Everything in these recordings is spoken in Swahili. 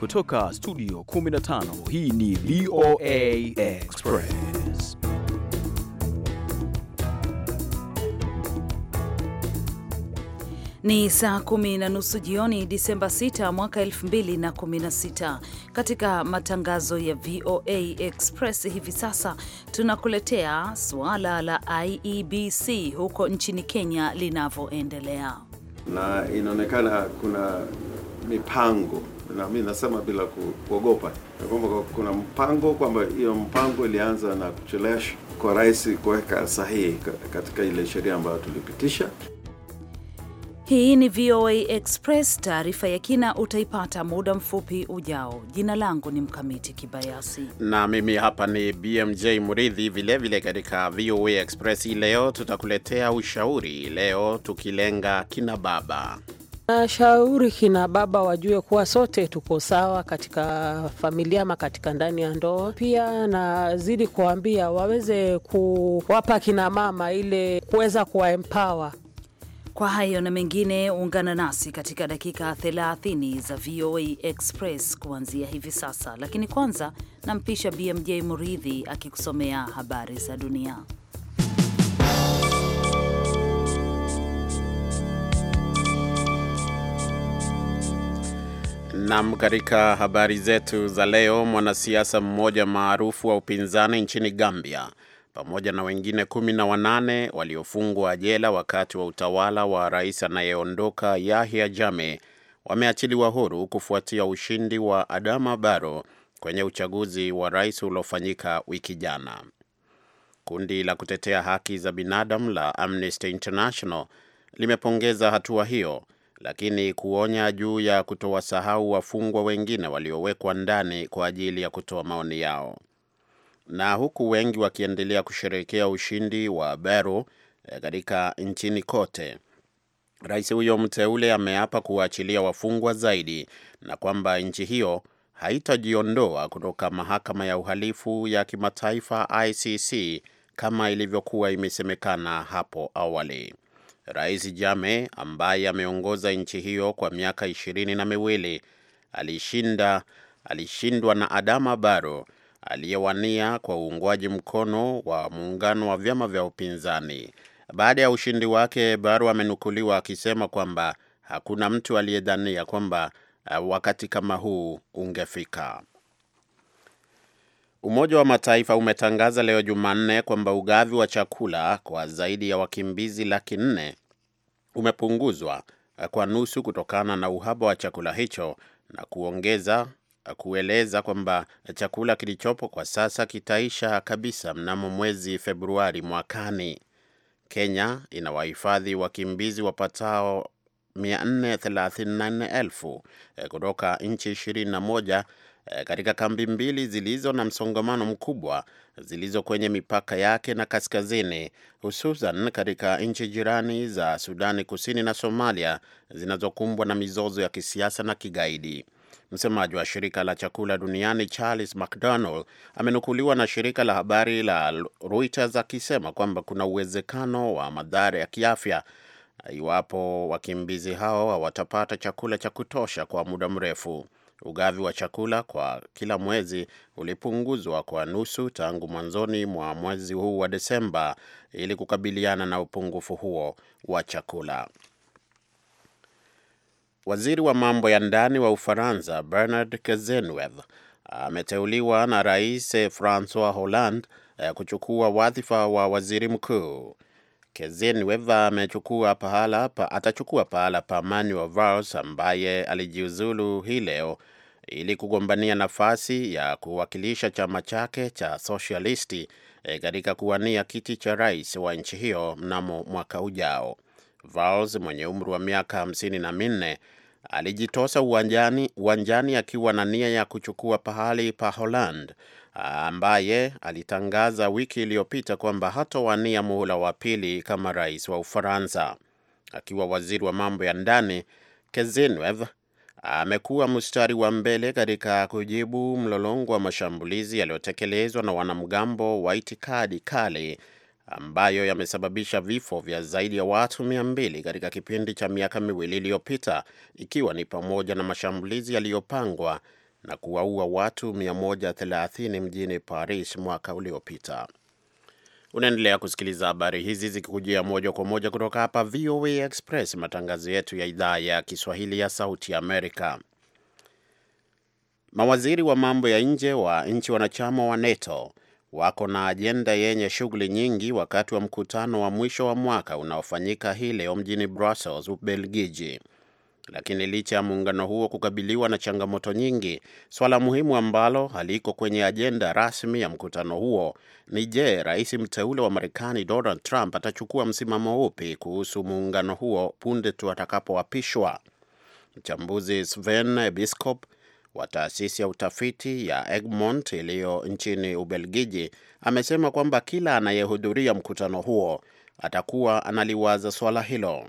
Kutoka studio 15 hii ni VOA Express. Ni saa kumi na nusu jioni Disemba 6 mwaka 2016. Katika matangazo ya VOA Express hivi sasa tunakuletea suala la IEBC huko nchini Kenya linavyoendelea, na inaonekana kuna mipango na mimi nasema bila kuogopa kwamba kuna mpango kwamba hiyo mpango ilianza na kuchelesha kwa rais kuweka sahihi katika ile sheria ambayo tulipitisha. Hii ni VOA Express. Taarifa ya kina utaipata muda mfupi ujao. Jina langu ni Mkamiti Kibayasi na mimi hapa ni BMJ Muridhi. Vilevile katika VOA Express hii leo tutakuletea ushauri, leo tukilenga kina baba Nashauri kina baba wajue kuwa sote tuko sawa katika familia ama katika ndani ya ndoa. Pia nazidi kuwaambia waweze kuwapa kina mama ile kuweza kuwaempower. Kwa hayo na mengine, ungana nasi katika dakika 30 za VOA Express kuanzia hivi sasa, lakini kwanza nampisha BMJ Muridhi akikusomea habari za dunia. Nam, katika habari zetu za leo, mwanasiasa mmoja maarufu wa upinzani nchini Gambia pamoja na wengine kumi na wanane waliofungwa jela wakati wa utawala wa rais anayeondoka Yahya Jammeh wameachiliwa huru kufuatia ushindi wa Adama Barrow kwenye uchaguzi wa rais uliofanyika wiki jana. Kundi la kutetea haki za binadamu la Amnesty International limepongeza hatua hiyo lakini kuonya juu ya kutowasahau wafungwa wengine waliowekwa ndani kwa ajili ya kutoa maoni yao. Na huku wengi wakiendelea kusherehekea ushindi wa Beru eh, katika nchini kote, rais huyo mteule ameapa kuwaachilia wafungwa zaidi na kwamba nchi hiyo haitajiondoa kutoka mahakama ya uhalifu ya kimataifa ICC kama ilivyokuwa imesemekana hapo awali. Rais Jame ambaye ameongoza nchi hiyo kwa miaka ishirini na miwili alishinda alishindwa na Adama Baro aliyewania kwa uungwaji mkono wa muungano wa vyama vya upinzani. Baada ya ushindi wake, Baro amenukuliwa akisema kwamba hakuna mtu aliyedhania kwamba uh, wakati kama huu ungefika. Umoja wa Mataifa umetangaza leo Jumanne kwamba ugavi wa chakula kwa zaidi ya wakimbizi laki nne umepunguzwa eh, kwa nusu kutokana na uhaba wa chakula hicho na kuongeza eh, kueleza kwamba chakula kilichopo kwa sasa kitaisha kabisa mnamo mwezi Februari mwakani. Kenya ina wahifadhi wakimbizi wapatao 434,000 eh, kutoka nchi Eh, katika kambi mbili zilizo na msongamano mkubwa zilizo kwenye mipaka yake na kaskazini, hususan katika nchi jirani za Sudani Kusini na Somalia zinazokumbwa na mizozo ya kisiasa na kigaidi. Msemaji wa shirika la chakula duniani Charles McDonald amenukuliwa na shirika la habari la Reuters akisema kwamba kuna uwezekano wa madhara ya kiafya iwapo wakimbizi hao hawatapata chakula cha kutosha kwa muda mrefu ugavi wa chakula kwa kila mwezi ulipunguzwa kwa nusu tangu mwanzoni mwa mwezi huu wa Desemba ili kukabiliana na upungufu huo wa chakula. Waziri wa mambo ya ndani wa Ufaransa Bernard Cazeneuve ameteuliwa na Rais Francois Hollande eh, kuchukua wadhifa wa waziri mkuu. Zin Weva amechukua pahala pa, atachukua pahala pa Manuel Valls ambaye alijiuzulu hii leo ili kugombania nafasi ya kuwakilisha chama chake cha sosialisti eh, katika e, kuwania kiti cha rais wa nchi hiyo mnamo mwaka ujao. Valls mwenye umri wa miaka hamsini na minne alijitosa uwanjani, uwanjani akiwa na nia ya kuchukua pahali pa Holland ambaye alitangaza wiki iliyopita kwamba hatowania muhula wa pili kama rais wa Ufaransa. Akiwa waziri wa mambo ya ndani, Kezinwev amekuwa mstari wa mbele katika kujibu mlolongo wa mashambulizi yaliyotekelezwa na wanamgambo wa itikadi kali ambayo yamesababisha vifo vya zaidi ya watu mia mbili katika kipindi cha miaka miwili iliyopita, ikiwa ni pamoja na mashambulizi yaliyopangwa na kuwaua watu 130 mjini Paris mwaka uliopita. Unaendelea kusikiliza habari hizi zikikujia moja kwa moja kutoka hapa VOA Express, matangazo yetu ya idhaa ya Kiswahili ya Sauti Amerika. Mawaziri wa mambo ya nje wa nchi wanachama wa NATO wako na ajenda yenye shughuli nyingi wakati wa mkutano wa mwisho wa mwaka unaofanyika hii leo mjini Brussels, Ubelgiji. Lakini licha ya muungano huo kukabiliwa na changamoto nyingi, swala muhimu ambalo haliko kwenye ajenda rasmi ya mkutano huo ni je, rais mteule wa Marekani Donald Trump atachukua msimamo upi kuhusu muungano huo punde tu atakapoapishwa? Mchambuzi Sven Biskop wa taasisi ya utafiti ya Egmont iliyo nchini Ubelgiji amesema kwamba kila anayehudhuria mkutano huo atakuwa analiwaza swala hilo.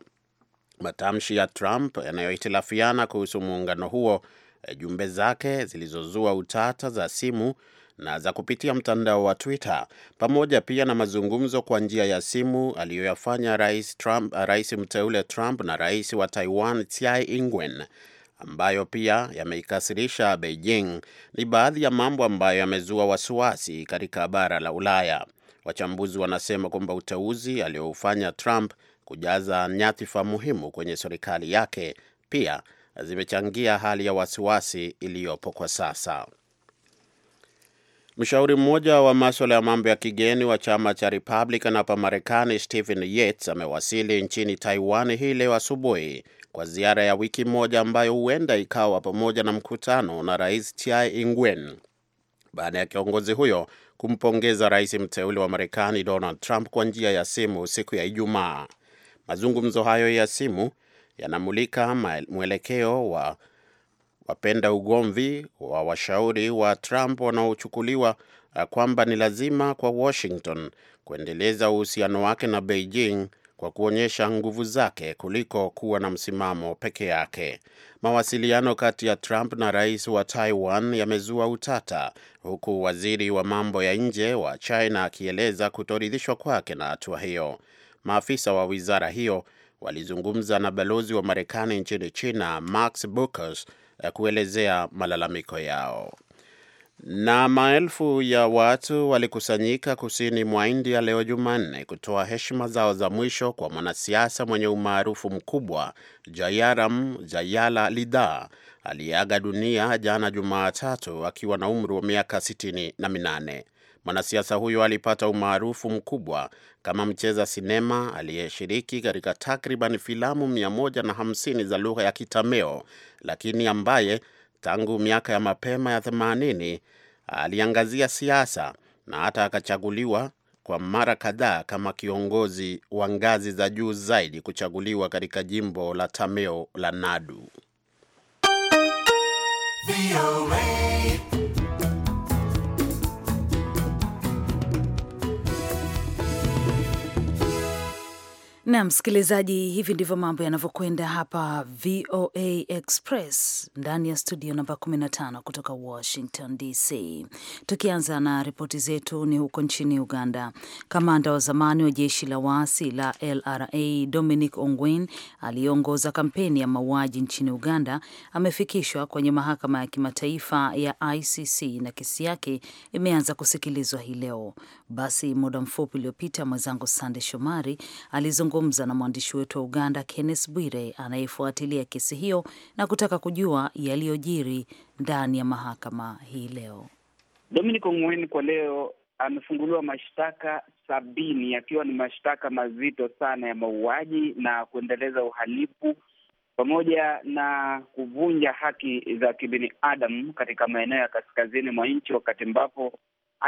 Matamshi ya Trump yanayohitilafiana kuhusu muungano huo, eh, jumbe zake zilizozua utata za simu na za kupitia mtandao wa Twitter pamoja pia na mazungumzo kwa njia ya simu aliyoyafanya rais Trump, rais mteule Trump na rais wa Taiwan Tsai Ing-wen ambayo pia yameikasirisha Beijing ni baadhi ya mambo ambayo yamezua wasiwasi katika bara la Ulaya. Wachambuzi wanasema kwamba uteuzi aliyoufanya Trump kujaza nyadhifa muhimu kwenye serikali yake pia zimechangia hali ya wasiwasi iliyopo kwa sasa. Mshauri mmoja wa maswala ya mambo ya kigeni wa chama cha Republican hapa Marekani, Stephen Yates amewasili nchini Taiwan hii leo asubuhi kwa ziara ya wiki moja ambayo huenda ikawa pamoja na mkutano na Rais Chai Ingwen baada ya kiongozi huyo kumpongeza rais mteule wa Marekani Donald Trump kwa njia ya simu siku ya Ijumaa. Mazungumzo hayo ya simu yanamulika mwelekeo wa wapenda ugomvi wa washauri wa Trump wanaochukuliwa eh, kwamba ni lazima kwa Washington kuendeleza uhusiano wake na Beijing kwa kuonyesha nguvu zake kuliko kuwa na msimamo peke yake. Mawasiliano kati ya Trump na rais wa Taiwan yamezua utata, huku waziri wa mambo ya nje wa China akieleza kutoridhishwa kwake na hatua hiyo. Maafisa wa wizara hiyo walizungumza na balozi wa Marekani nchini China Max Baucus eh, kuelezea malalamiko yao. Na maelfu ya watu walikusanyika kusini mwa India leo Jumanne kutoa heshima zao za mwisho kwa mwanasiasa mwenye umaarufu mkubwa Jayaram jayala lidha aliyeaga dunia jana Jumatatu akiwa na umri wa miaka sitini na minane. Mwanasiasa huyo alipata umaarufu mkubwa kama mcheza sinema aliyeshiriki katika takriban filamu 150 za lugha ya Kitameo, lakini ambaye Tangu miaka ya mapema ya 80 aliangazia siasa na hata akachaguliwa kwa mara kadhaa kama kiongozi wa ngazi za juu zaidi kuchaguliwa katika jimbo la Tamil la Nadu. Na msikilizaji, hivi ndivyo mambo yanavyokwenda hapa VOA Express ndani ya studio namba 15 kutoka Washington DC. Tukianza na ripoti zetu, ni huko nchini Uganda. Kamanda wa zamani wa jeshi la waasi la LRA Dominic Ongwen aliyeongoza kampeni ya mauaji nchini Uganda amefikishwa kwenye mahakama ya kimataifa ya ICC na kesi yake imeanza kusikilizwa hii leo. Basi muda mfupi uliopita mwenzangu Sande Shomari alizungumza nimezungumza na mwandishi wetu wa Uganda Kenneth Bwire anayefuatilia kesi hiyo na kutaka kujua yaliyojiri ndani ya mahakama hii leo. Dominic Ongwen kwa leo amefunguliwa mashtaka sabini yakiwa ni mashtaka mazito sana ya mauaji na kuendeleza uhalifu pamoja na kuvunja haki za kibinadamu katika maeneo ya kaskazini mwa nchi, wakati ambapo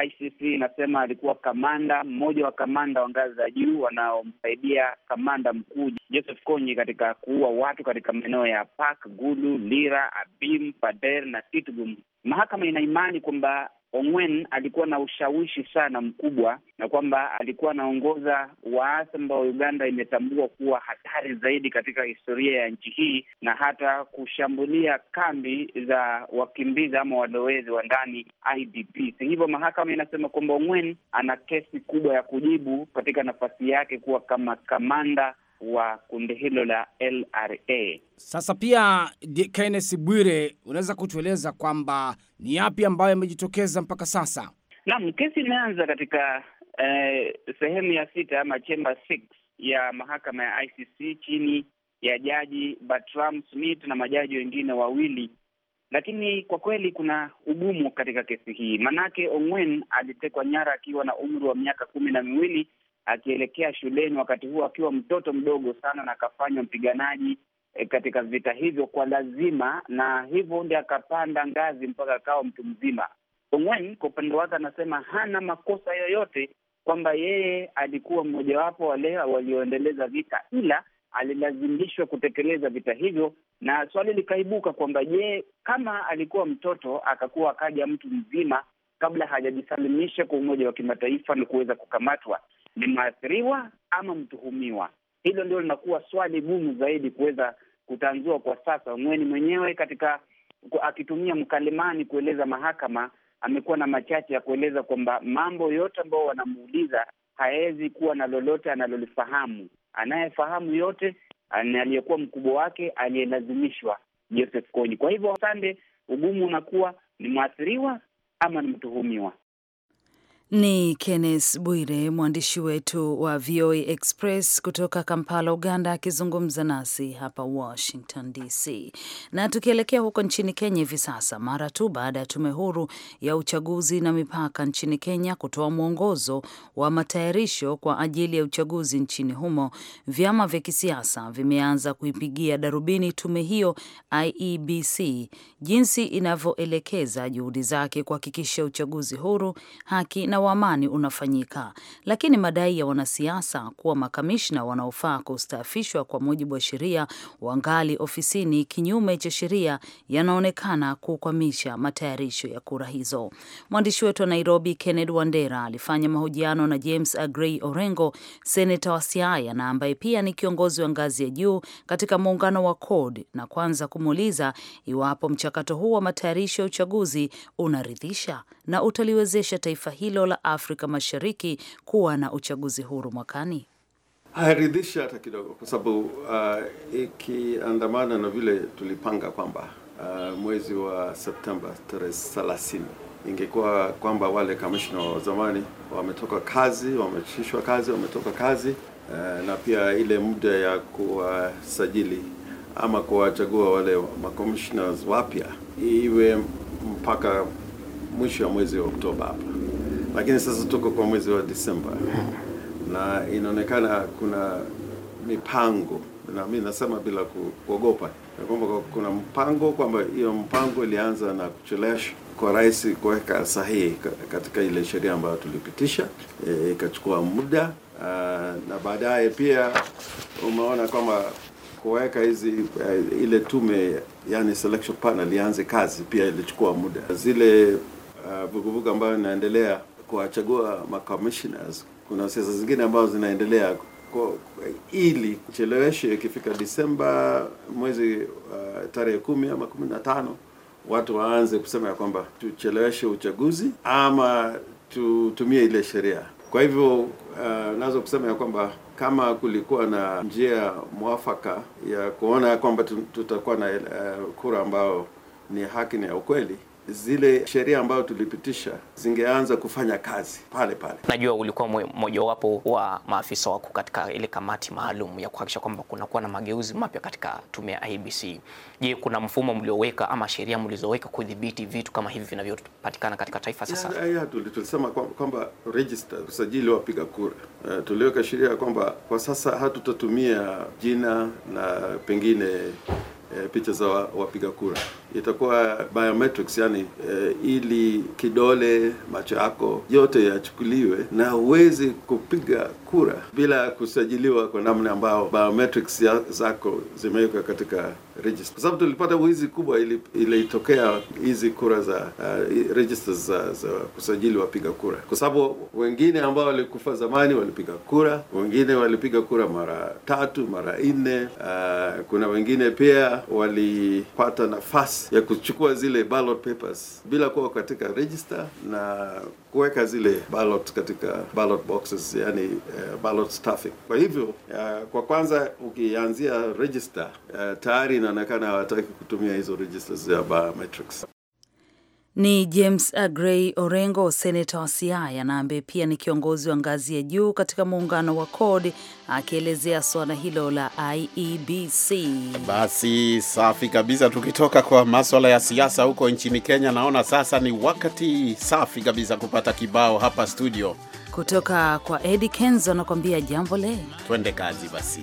ICC inasema alikuwa kamanda mmoja wa kamanda wa ngazi za juu wanaomsaidia kamanda mkuu Joseph Kony katika kuua watu katika maeneo ya Pak, Gulu, Lira, Abim, Pader na Kitgum. Mahakama ina imani kwamba Ongwen alikuwa na ushawishi sana mkubwa, na kwamba alikuwa anaongoza waasi ambao Uganda imetambua kuwa hatari zaidi katika historia ya nchi hii, na hata kushambulia kambi za wakimbizi ama walowezi wa ndani IDP. Hivyo mahakama inasema kwamba Ongwen ana kesi kubwa ya kujibu katika nafasi yake kuwa kama kamanda wa kundi hilo la LRA. Sasa pia Kenneth Bwire, unaweza kutueleza kwamba ni yapi ambayo yamejitokeza mpaka sasa? Naam, kesi imeanza katika eh, sehemu ya sita ama chamber six ya mahakama ya ICC chini ya jaji Bertram Smith na majaji wengine wawili, lakini kwa kweli kuna ugumu katika kesi hii, manake Ongwen alitekwa nyara akiwa na umri wa miaka kumi na miwili akielekea shuleni wakati huo akiwa mtoto mdogo sana, na akafanywa mpiganaji e, katika vita hivyo kwa lazima, na hivyo ndi akapanda ngazi mpaka akawa mtu mzima. Ongwen kwa upande wake anasema hana makosa yoyote, kwamba yeye alikuwa mmojawapo wale walioendeleza vita, ila alilazimishwa kutekeleza vita hivyo, na swali likaibuka kwamba je, kama alikuwa mtoto akakuwa akaja mtu mzima kabla hajajisalimisha kwa Umoja wa Kimataifa na kuweza kukamatwa ni mwathiriwa ama mtuhumiwa? Hilo ndio linakuwa swali gumu zaidi kuweza kutanzua kwa sasa. Ongweni mwenyewe katika akitumia mkalimani kueleza mahakama, amekuwa na machache ya kueleza kwamba mambo yote ambayo wanamuuliza hawezi kuwa na lolote analolifahamu. Anayefahamu yote ni aliyekuwa mkubwa wake aliyelazimishwa, Joseph Kony. Kwa hivyo, Sande, ugumu unakuwa ni mwathiriwa ama ni mtuhumiwa. Ni Kenneth Bwire, mwandishi wetu wa VOA Express kutoka Kampala, Uganda, akizungumza nasi hapa Washington DC. Na tukielekea huko nchini Kenya hivi sasa, mara tu baada ya tume huru ya uchaguzi na mipaka nchini Kenya kutoa mwongozo wa matayarisho kwa ajili ya uchaguzi nchini humo, vyama vya kisiasa vimeanza kuipigia darubini tume hiyo IEBC jinsi inavyoelekeza juhudi zake kuhakikisha uchaguzi huru, haki na wa amani unafanyika, lakini madai ya wanasiasa kuwa makamishna wanaofaa kustaafishwa kwa mujibu wa sheria wangali ofisini kinyume cha sheria yanaonekana kukwamisha matayarisho ya kura hizo. Mwandishi wetu wa Nairobi, kenned Wandera, alifanya mahojiano na James Agrey Orengo, seneta wa Siaya na ambaye pia ni kiongozi wa ngazi ya juu katika muungano wa CORD, na kwanza kumuuliza iwapo mchakato huu wa matayarisho ya uchaguzi unaridhisha na utaliwezesha taifa hilo la Afrika Mashariki kuwa na uchaguzi huru mwakani? Hairidhishi hata kidogo, kwa sababu uh, ikiandamana na vile tulipanga kwamba uh, mwezi wa Septemba tarehe 30 ingekuwa kwamba wale kamishna wa zamani wametoka kazi, wameshishwa kazi, wametoka kazi uh, na pia ile muda ya kuwasajili ama kuwachagua wale makomishna wapya iwe mpaka mwisho wa mwezi wa Oktoba hapa, lakini sasa tuko kwa mwezi wa Disemba hmm. na inaonekana kuna mipango na mimi nasema bila kuogopa kwamba kuna mpango kwamba hiyo mpango ilianza na kuchelesha kwa rais kuweka sahihi katika ile sheria ambayo tulipitisha, e, ikachukua e, muda a, na baadaye pia umeona kwamba kuweka hizi e, ile tume yani selection panel ianze kazi pia ilichukua muda zile Ah, vuguvugu uh, ambayo inaendelea kuwachagua macommissioners, kuna siasa zingine ambazo zinaendelea kwa, ili cheleweshe ikifika Disemba mwezi uh, tarehe kumi ama kumi na tano watu waanze kusema ya kwamba tucheleweshe uchaguzi ama tutumie ile sheria. Kwa hivyo uh, nazo kusema ya kwamba kama kulikuwa na njia mwafaka ya kuona kwamba tutakuwa na uh, kura ambayo ni haki na ya ukweli zile sheria ambayo tulipitisha zingeanza kufanya kazi pale pale. Najua ulikuwa mmojawapo wa maafisa wakuu katika ile kamati maalum ya kuhakikisha kwamba kunakuwa na mageuzi mapya katika tume ya IEBC. Je, kuna mfumo mlioweka ama sheria mlizoweka kudhibiti vitu kama hivi vinavyopatikana katika taifa sasa? Ya, ya, tulisema kwamba register, usajili wa wapiga kura, uh, tuliweka sheria kwamba kwa sasa hatutatumia jina na pengine uh, picha za wapiga kura itakuwa biometrics, yani e, ili kidole, macho yako yote yachukuliwe, na huwezi kupiga kura bila kusajiliwa kwa namna ambayo biometrics zako zimewekwa katika register, kwa sababu tulipata wizi kubwa ilitokea hizi kura za uh, eh, register za, za kusajili wapiga kura, kwa sababu wengine ambao walikufa zamani walipiga kura, wengine walipiga kura mara tatu mara nne. Uh, kuna wengine pia walipata nafasi ya kuchukua zile ballot papers bila kuwa katika register na kuweka zile ballot katika ballot boxes, yani uh, ballot stuffing. Kwa hivyo uh, kwa kwanza ukianzia register uh, tayari inaonekana hawataki kutumia hizo registers ya biometrics. Ni James Agrey Orengo, seneta wa Siaya na ambaye pia ni kiongozi wa ngazi ya juu katika muungano wa CORD akielezea suala hilo la IEBC. Basi safi kabisa. Tukitoka kwa maswala ya siasa huko nchini Kenya, naona sasa ni wakati safi kabisa kupata kibao hapa studio kutoka kwa Eddie Kenzo anakuambia jambo le. Twende kazi basi.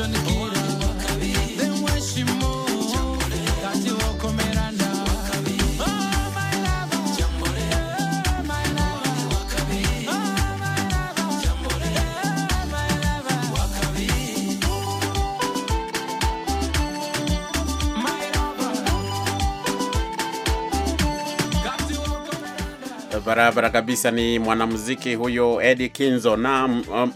Jackson barabara kabisa. Ni mwanamuziki huyo edi Kinzo, na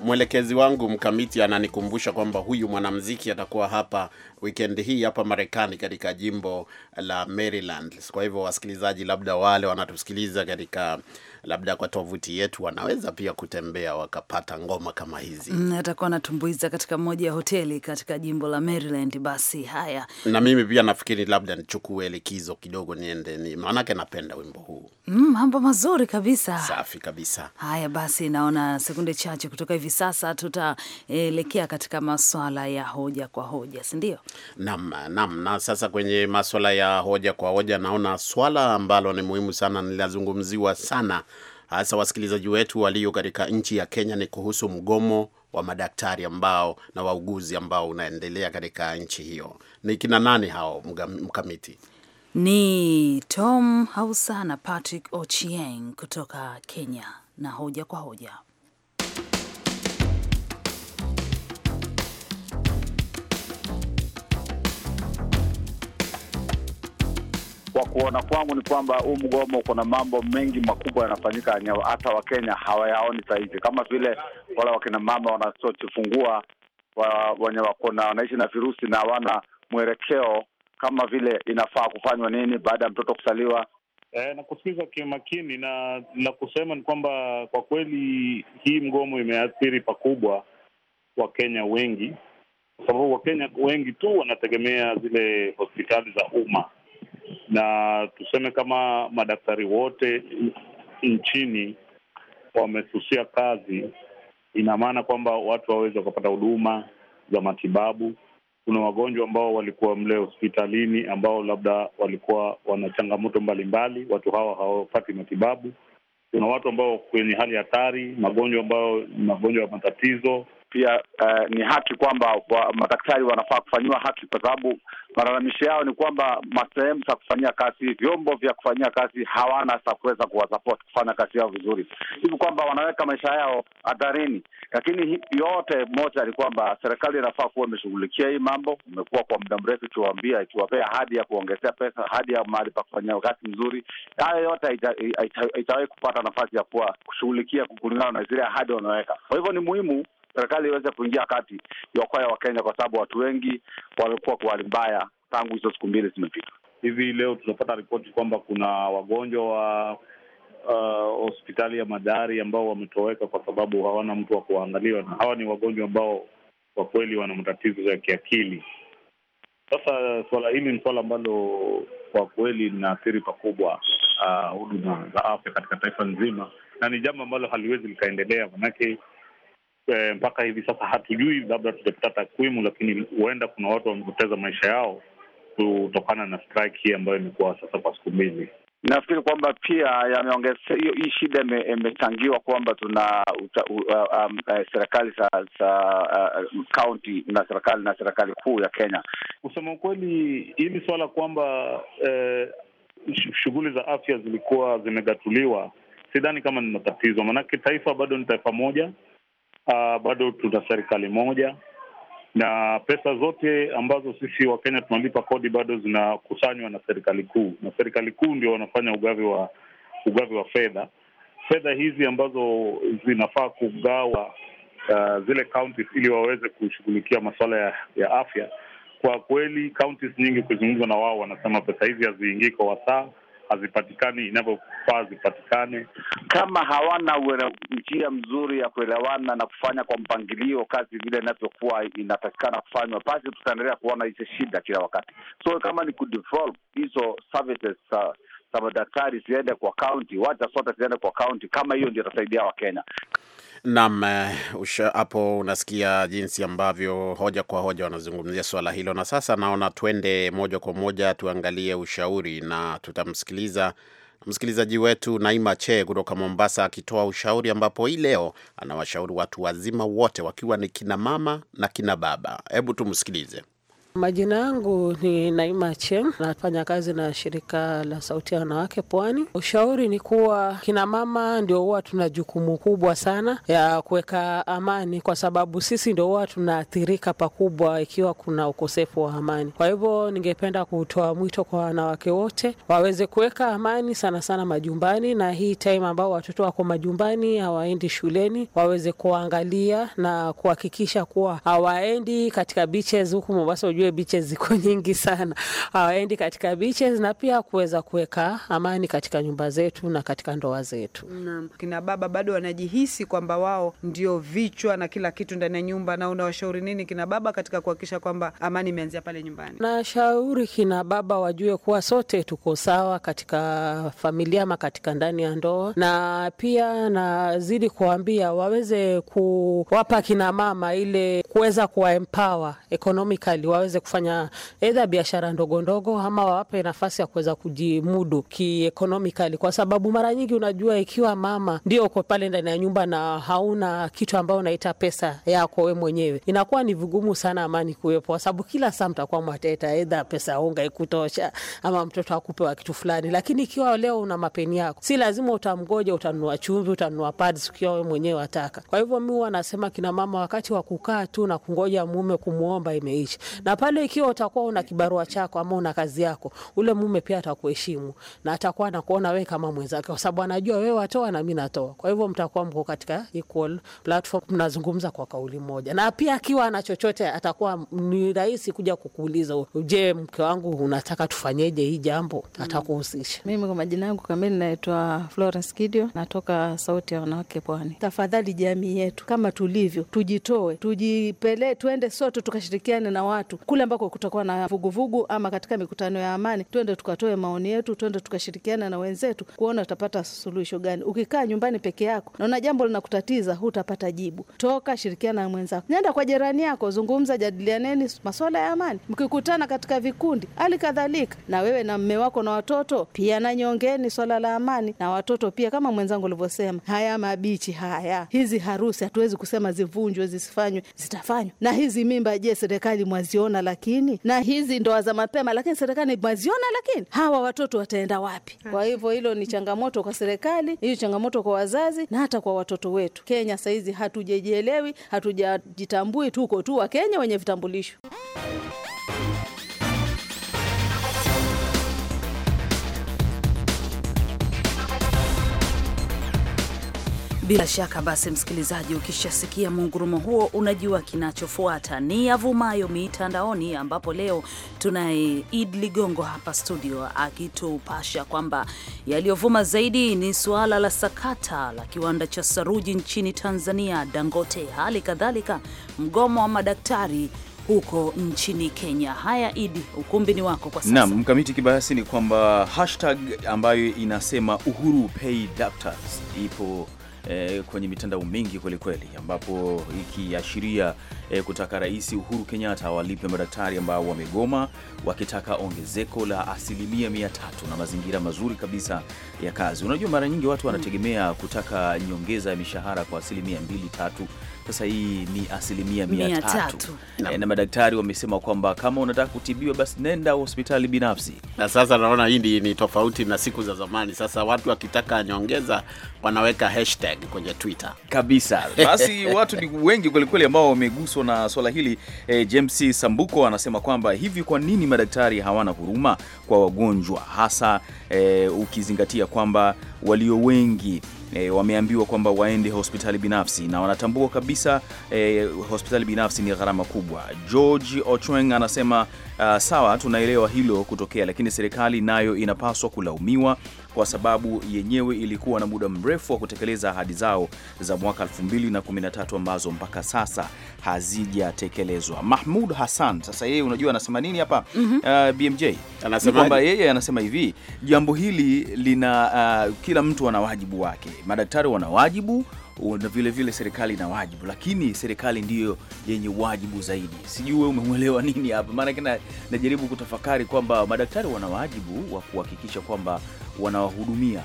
mwelekezi wangu Mkamiti ananikumbusha kwamba huyu mwanamuziki atakuwa hapa wikendi hii hapa Marekani, katika jimbo la Maryland. Kwa hivyo, wasikilizaji, labda wale wanatusikiliza katika labda kwa tovuti yetu wanaweza pia kutembea wakapata ngoma kama hizi. Mm, atakuwa anatumbuiza katika moja ya hoteli katika jimbo la Maryland. Basi haya, na mimi pia nafikiri labda nichukue likizo kidogo niende ni, maanake napenda wimbo huu. Mm, mambo mazuri kabisa, safi kabisa. Haya basi, naona sekunde chache kutoka hivi sasa tutaelekea katika maswala ya hoja kwa hoja, si ndio? nam, Na sasa kwenye maswala ya hoja kwa hoja, naona swala ambalo ni muhimu sana, nilazungumziwa sana hasa wasikilizaji wetu walio katika nchi ya Kenya ni kuhusu mgomo wa madaktari ambao na wauguzi ambao unaendelea katika nchi hiyo. Ni kina nani hao mkamiti? Ni Tom Hausa na Patrick Ochieng kutoka Kenya na hoja kwa hoja kwa kuona kwangu ni kwamba huu mgomo, kuna mambo mengi makubwa yanafanyika hata Wakenya hawayaoni sahizi, kama vile wale wakina mama wanazojifungua wenye wakona wanaishi na virusi na hawana mwelekeo kama vile inafaa kufanywa nini baada ya mtoto kusaliwa E, eh, na kusikiza kimakini na la kusema ni kwamba kwa kweli hii mgomo imeathiri pakubwa Wakenya wengi, kwa sababu Wakenya wengi tu wanategemea zile hospitali za umma na tuseme kama madaktari wote nchini wamesusia kazi, ina maana kwamba watu waweze wakapata huduma za matibabu. Kuna wagonjwa ambao walikuwa mle hospitalini ambao labda walikuwa wana changamoto mbalimbali, watu hawa hawapati matibabu. Kuna watu ambao kwenye hali hatari, magonjwa ambayo ni magonjwa ya matatizo pia uh, ni haki kwamba wa, madaktari wanafaa kufanyiwa haki, kwa sababu malalamisho yao ni kwamba masehemu za kufanyia kazi, vyombo vya kufanyia kazi hawana za kuweza kuwasupport kufanya kazi yao vizuri, hivi kwamba wanaweka maisha yao hatarini. Lakini yote moja ni kwamba serikali inafaa kuwa imeshughulikia hii mambo. Imekuwa kwa muda mrefu ikiwaambia, ikiwapea hadi ya kuongezea pesa, hadi ya mahali pa kufanyia kazi nzuri. Hayo yote haitawahi kupata nafasi ya kuwa kushughulikia kulingana na zile ahadi wanaweka. Kwa hivyo ni muhimu serikali iweze kuingia kati iokoe Wakenya kwa sababu watu wengi walikuwa kwa hali mbaya tangu hizo siku mbili zimepita. Hivi leo tunapata ripoti kwamba kuna wagonjwa wa uh, hospitali ya Madari ambao wametoweka kwa sababu hawana mtu wa kuangaliwa, na hawa ni wagonjwa ambao kwa kweli wana matatizo ya kiakili. Sasa suala hili ni suala ambalo kwa kweli linaathiri pakubwa uh, huduma uh, za afya katika taifa nzima, na ni jambo ambalo haliwezi likaendelea, manake e, mpaka hivi sasa hatujui, labda tutapata takwimu, lakini huenda kuna watu wamepoteza maisha yao kutokana na strike hii ambayo imekuwa sasa kwa siku mbili. Nafikiri kwamba pia yameongeza hii shida imechangiwa kwamba tuna uh, um, serikali za kaunti uh, na serikali na serikali kuu ya Kenya. Kusema ukweli, hili suala kwamba eh, shughuli za afya zilikuwa zimegatuliwa, sidhani kama ni matatizo, maanake taifa bado ni taifa moja uh, bado tuna serikali moja na pesa zote ambazo sisi Wakenya tunalipa kodi bado zinakusanywa na serikali kuu, na serikali kuu ndio wanafanya ugavi wa ugavi wa fedha. Fedha hizi ambazo zinafaa kugawa uh, zile counties ili waweze kushughulikia masuala ya, ya afya. Kwa kweli counties nyingi kuzungumza na wao, wanasema pesa hizi haziingii kwa wasaa hazipatikani inavyofaa zipatikane. Kama hawana uwele, njia mzuri ya kuelewana na kufanya kwa mpangilio kazi vile inavyokuwa inatakikana kufanywa, basi tutaendelea kuona hizi shida kila wakati. So kama ni kudevelop hizo services uh, za madaktari ziende kwa kaunti, wacha sote ziende kwa kaunti. Kama hiyo ndio itasaidia Wakenya. Naam, eh, hapo unasikia jinsi ambavyo hoja kwa hoja wanazungumzia swala hilo, na sasa naona twende moja kwa moja tuangalie ushauri, na tutamsikiliza msikilizaji wetu Naima Che kutoka Mombasa akitoa ushauri, ambapo hii leo anawashauri watu wazima wote, wakiwa ni kina mama na kina baba. Hebu tumsikilize. Majina yangu ni Naima Chem, nafanya kazi na shirika la Sauti ya Wanawake Pwani. Ushauri ni kuwa kina mama ndio huwa tuna jukumu kubwa sana ya kuweka amani, kwa sababu sisi ndio huwa tunaathirika pakubwa ikiwa kuna ukosefu wa amani. Kwa hivyo, ningependa kutoa mwito kwa wanawake wote waweze kuweka amani sana sana majumbani, na hii time ambao watoto wako majumbani hawaendi shuleni, waweze kuangalia na kuhakikisha kuwa hawaendi katika beaches huku Mombasa. Unajua biche ziko nyingi sana, hawaendi katika biche na pia kuweza kuweka amani katika nyumba zetu na katika ndoa zetu. kina baba bado wanajihisi kwamba wao ndio vichwa na kila kitu ndani ya nyumba. Na unawashauri nini kina baba katika kuhakikisha kwamba amani imeanzia pale nyumbani? Nashauri kina baba wajue kuwa sote tuko sawa katika familia ama katika ndani ya ndoa, na pia nazidi kuwaambia waweze kuwapa kina mama ile kuweza kuwaempower economically waweze waweze kufanya edha biashara ndogo ndogo, ama wawape nafasi ya kuweza kujimudu kiekonomikali, kwa sababu mara nyingi unajua, ikiwa mama ndio uko pale ndani ya nyumba na hauna kitu ambayo unaita pesa yako we mwenyewe, inakuwa ni vigumu sana amani kuwepo, kwa sababu kila saa mtakuwa mwateta edha pesa ya unga ikutosha, ama mtoto akupewa kitu fulani. Lakini ikiwa leo una mapeni yako, si lazima utamgoja, utanunua chumvi, utanunua pads ukiwa we mwenyewe wataka. Kwa hivyo mi huwa nasema kinamama, wakati wa kukaa tu na kungoja mume kumwomba imeisha na pale ikiwa utakuwa una kibarua chako ama una kazi yako, ule mume pia atakuheshimu na atakuwa anakuona wewe kama mwenzake, kwa sababu anajua wewe watoa na mimi natoa. Kwa hivyo mtakuwa mko katika equal platform, mnazungumza kwa kauli moja, na pia akiwa ana chochote atakuwa ni rahisi kuja kukuuliza, je, mke wangu unataka tufanyeje hii jambo? Mm. Atakuhusisha. Mm. Mimi kwa majina yangu kamili naitwa Florence Kidio, natoka Sauti ya Wanawake Pwani. Tafadhali jamii yetu kama tulivyo, tujitoe, tujipele, tuende sote tukashirikiane na watu kule ambako kutakuwa na vuguvugu vugu, ama katika mikutano ya amani, twende tukatoe maoni yetu, twende tukashirikiana na wenzetu kuona utapata suluhisho gani. Ukikaa nyumbani peke yako, naona jambo linakutatiza, hutapata jibu. Toka, shirikiana na mwenzako, nenda kwa jirani yako, zungumza, jadilianeni masuala ya amani. Mkikutana katika vikundi, hali kadhalika na wewe na mme wako na watoto pia, nanyongeni swala la amani na watoto pia, kama mwenzangu ulivyosema, haya mabichi haya, hizi harusi hatuwezi kusema zivunjwe, zisifanywe, zitafanywa. Na hizi mimba, je, serikali mwaziona? lakini na hizi ndoa za mapema, lakini serikali maziona, lakini hawa watoto wataenda wapi? Kwa hivyo hilo ni changamoto kwa serikali, hiyo changamoto kwa wazazi na hata kwa watoto wetu. Kenya sahizi hatujajielewi, hatujajitambui, tuko tu Wakenya wenye vitambulisho Bila shaka basi, msikilizaji, ukishasikia muungurumo huo unajua kinachofuata ni yavumayo mitandaoni, ambapo leo tunaye Id Ligongo hapa studio akitupasha kwamba yaliyovuma zaidi ni suala la sakata la kiwanda cha saruji nchini Tanzania, Dangote, hali kadhalika mgomo wa madaktari huko nchini Kenya. Haya Idi, ukumbi ni wako kwa sasa. Naam, mkamiti kibayasi ni kwamba hashtag ambayo inasema Uhuru pay doctors ipo e, kwenye mitandao mingi kwelikweli, ambapo ikiashiria e, kutaka Rais Uhuru Kenyatta walipe madaktari ambao wamegoma wakitaka ongezeko la asilimia mia tatu na mazingira mazuri kabisa ya kazi. Unajua, mara nyingi watu mm. wanategemea kutaka nyongeza ya mishahara kwa asilimia mbili tatu sasa hii ni asilimia mia tatu e, na madaktari wamesema kwamba kama unataka kutibiwa basi nenda hospitali binafsi. Na sasa naona hii ni tofauti na siku za zamani. Sasa watu wakitaka nyongeza wanaweka hashtag kwenye Twitter kabisa. Basi watu ni wengi kwelikweli ambao wameguswa na swala hili. E, James Sambuko anasema kwamba hivi, kwa nini madaktari hawana huruma kwa wagonjwa hasa e, ukizingatia kwamba walio wengi e, wameambiwa kwamba waende hospitali binafsi na wanatambua kabisa e, hospitali binafsi ni gharama kubwa. George Ochweng anasema uh, sawa, tunaelewa hilo kutokea, lakini serikali nayo inapaswa kulaumiwa kwa sababu yenyewe ilikuwa na muda mrefu wa kutekeleza ahadi zao za mwaka 2013 ambazo mpaka sasa hazijatekelezwa. Mahmud Hassan sasa yeye unajua anasema nini hapa? mm -hmm. Uh, BMJ anasema kwamba yeye anasema hivi, jambo hili lina uh, kila mtu ana wajibu wake, madaktari wana wajibu na vile vile serikali ina wajibu, lakini serikali ndiyo yenye wajibu zaidi. Sijui wewe umemwelewa nini hapa, maanake najaribu kutafakari kwamba madaktari wana wajibu wa kuhakikisha kwamba wanawahudumia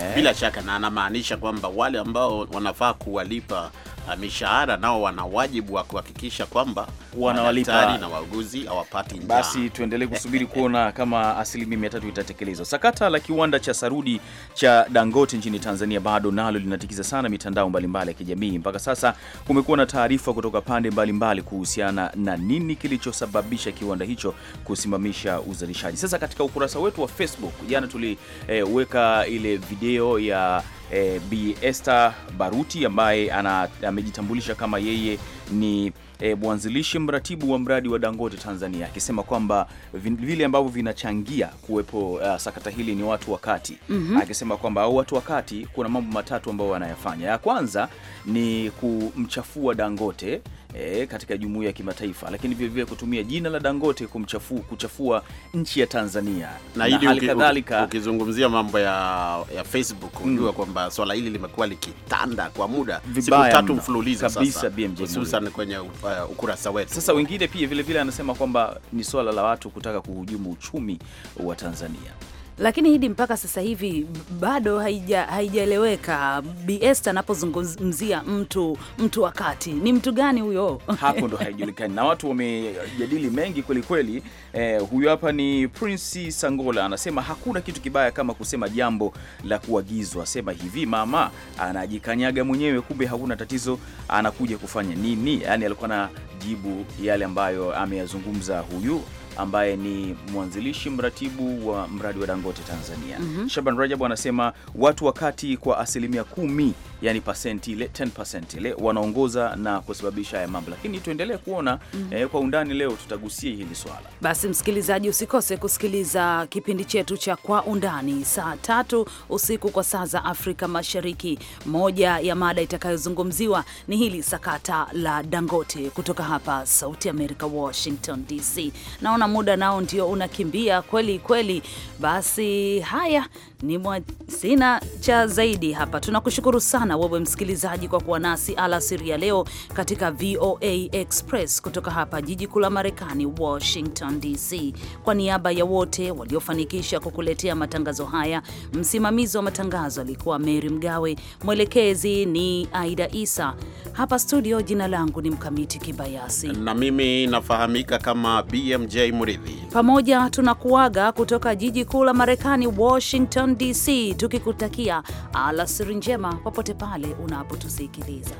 eh? bila shaka na anamaanisha kwamba wale ambao wanafaa kuwalipa mishahara nao wana wajibu wa kuhakikisha kwamba wanawalipa na wauguzi hawapati njaa. Basi tuendelee kusubiri kuona kama asilimia mia tatu itatekelezwa. Sakata la kiwanda cha sarudi cha Dangote nchini Tanzania bado nalo linatikiza sana mitandao mbalimbali ya kijamii. Mpaka sasa kumekuwa na taarifa kutoka pande mbalimbali kuhusiana na nini kilichosababisha kiwanda hicho kusimamisha uzalishaji. Sasa katika ukurasa wetu wa Facebook jana tuliweka eh, ile video ya e, Bi Esther Baruti ambaye amejitambulisha kama yeye ni e, mwanzilishi mratibu wa mradi wa Dangote Tanzania, akisema kwamba vile ambavyo vinachangia kuwepo uh, sakata hili ni watu wa kati mm -hmm. Akisema kwamba au watu wa kati kuna mambo matatu ambayo wanayafanya. Ya kwanza ni kumchafua Dangote e, katika jumuiya ya kimataifa, lakini vilevile kutumia jina la Dangote kumchafu, kuchafua nchi ya Tanzania na, na hali kadhalika ukizungumzia mambo ya, ya Facebook unajua mm, kwamba swala hili limekuwa likitanda kwa muda siku tatu mfululizo sasa, hususan kwenye uh, ukurasa wetu. Sasa wengine pia vilevile anasema kwamba ni swala la watu kutaka kuhujumu uchumi wa Tanzania lakini hidi mpaka sasa hivi bado haijaeleweka haija. Biesta anapozungumzia mtu mtu wa kati ni mtu gani huyo? Hapo ndo haijulikani, na watu wamejadili mengi kwelikweli. Eh, huyu hapa ni Prince Sangola anasema hakuna kitu kibaya kama kusema jambo la kuagizwa. Sema hivi mama anajikanyaga mwenyewe, kumbe hakuna tatizo, anakuja kufanya nini? yani alikuwa na jibu yale ambayo ameyazungumza huyu ambaye ni mwanzilishi mratibu wa mradi wa Dangote Tanzania. mm -hmm. Shaban rajab anasema watu wakati kwa asilimia kumi yani pasenti ile 10% ile wanaongoza na kusababisha haya mambo, lakini tuendelee kuona mm -hmm. eh, kwa undani leo tutagusia hili swala. Basi msikilizaji, usikose kusikiliza kipindi chetu cha Kwa Undani saa tatu usiku kwa saa za Afrika Mashariki. Moja ya mada itakayozungumziwa ni hili sakata la Dangote kutoka hapa Sauti America, Washington DC. Naona muda nao ndio unakimbia kweli kweli. Basi haya ni sina cha zaidi hapa, tunakushukuru sana sana wewe msikilizaji kwa kuwa nasi alasiri ya leo katika VOA Express kutoka hapa jiji kuu la Marekani, Washington DC. Kwa niaba ya wote waliofanikisha kukuletea matangazo haya, msimamizi wa matangazo alikuwa Mary Mgawe, mwelekezi ni Aida Isa. Hapa studio, jina langu ni Mkamiti Kibayasi na mimi nafahamika kama BMJ Muridhi. Pamoja tunakuaga kutoka jiji kuu la Marekani, Washington DC, tukikutakia alasiri njema popote pale unapotusikiliza.